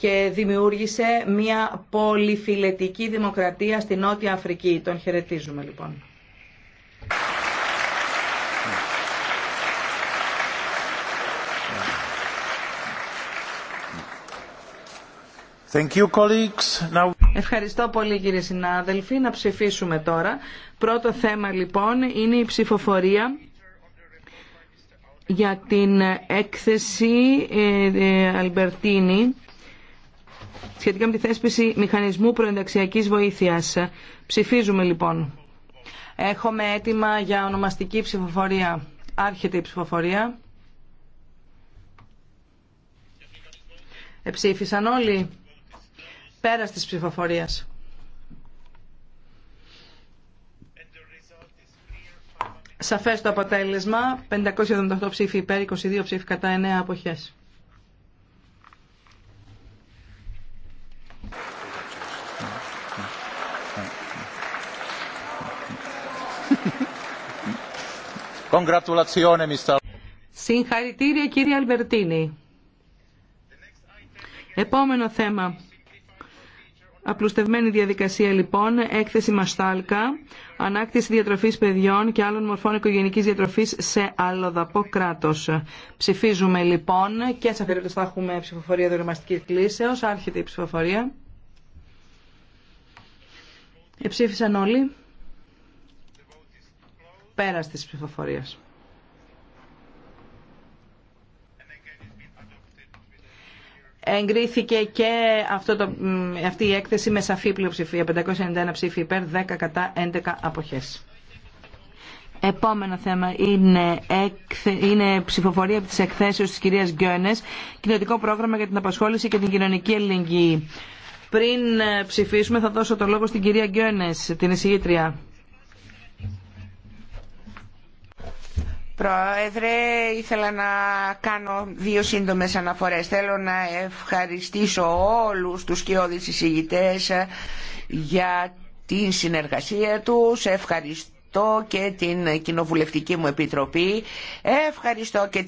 και δημιούργησε μια πολυφιλετική δημοκρατία στη Νότια Αφρική. Τον χαιρετίζουμε λοιπόν. Ευχαριστώ πολύ κύριε συνάδελφοι. Να ψηφίσουμε τώρα. Πρώτο θέμα λοιπόν είναι η ψηφοφορία για την έκθεση ε, ε, Αλμπερτίνη σχετικά με τη θέσπιση μηχανισμού προενταξιακής βοήθειας. Ψηφίζουμε λοιπόν. Έχουμε έτοιμα για ονομαστική ψηφοφορία. Άρχεται η ψηφοφορία. Εψήφισαν όλοι πέρα της ψηφοφορίας. Σαφές το αποτέλεσμα. 578 ψήφοι υπέρ, 22 ψήφοι κατά, 9 αποχές. Συγχαρητήρια κύριε Αλβερτίνη. Επόμενο θέμα. Απλουστευμένη διαδικασία λοιπόν, έκθεση μαστάλκα, ανάκτηση διατροφής παιδιών και άλλων μορφών οικογενικής διατροφής σε αλλοδαπό κράτος. Ψηφίζουμε λοιπόν και σε περίπτωση θα έχουμε ψηφοφορία δοκιμαστικής κλίσεως, άρχεται η ψηφοφορία. Εψήφισαν όλοι. Πέρας της ψηφοφορίας. Εγκρίθηκε και αυτό το, αυτή η έκθεση με σαφή πλειοψηφία. 591 ψήφοι υπέρ, 10 κατά, 11 αποχές. Επόμενο θέμα είναι, είναι ψηφοφορία από τις εκθέσεις της κυρίας Γκιόνες, κοινωτικό πρόγραμμα για την απασχόληση και την κοινωνική ελληνική. Πριν ε, ψηφίσουμε θα δώσω το λόγο στην κυρία Γκιόνες, την εισηγήτρια. Πρόεδρε, ήθελα να κάνω δύο σύντομες αναφορές. Θέλω να ευχαριστήσω όλους τους κοιόδης εισηγητές για την συνεργασία τους. Ευχαριστώ και την Κοινοβουλευτική μου Επιτροπή. Ευχαριστώ και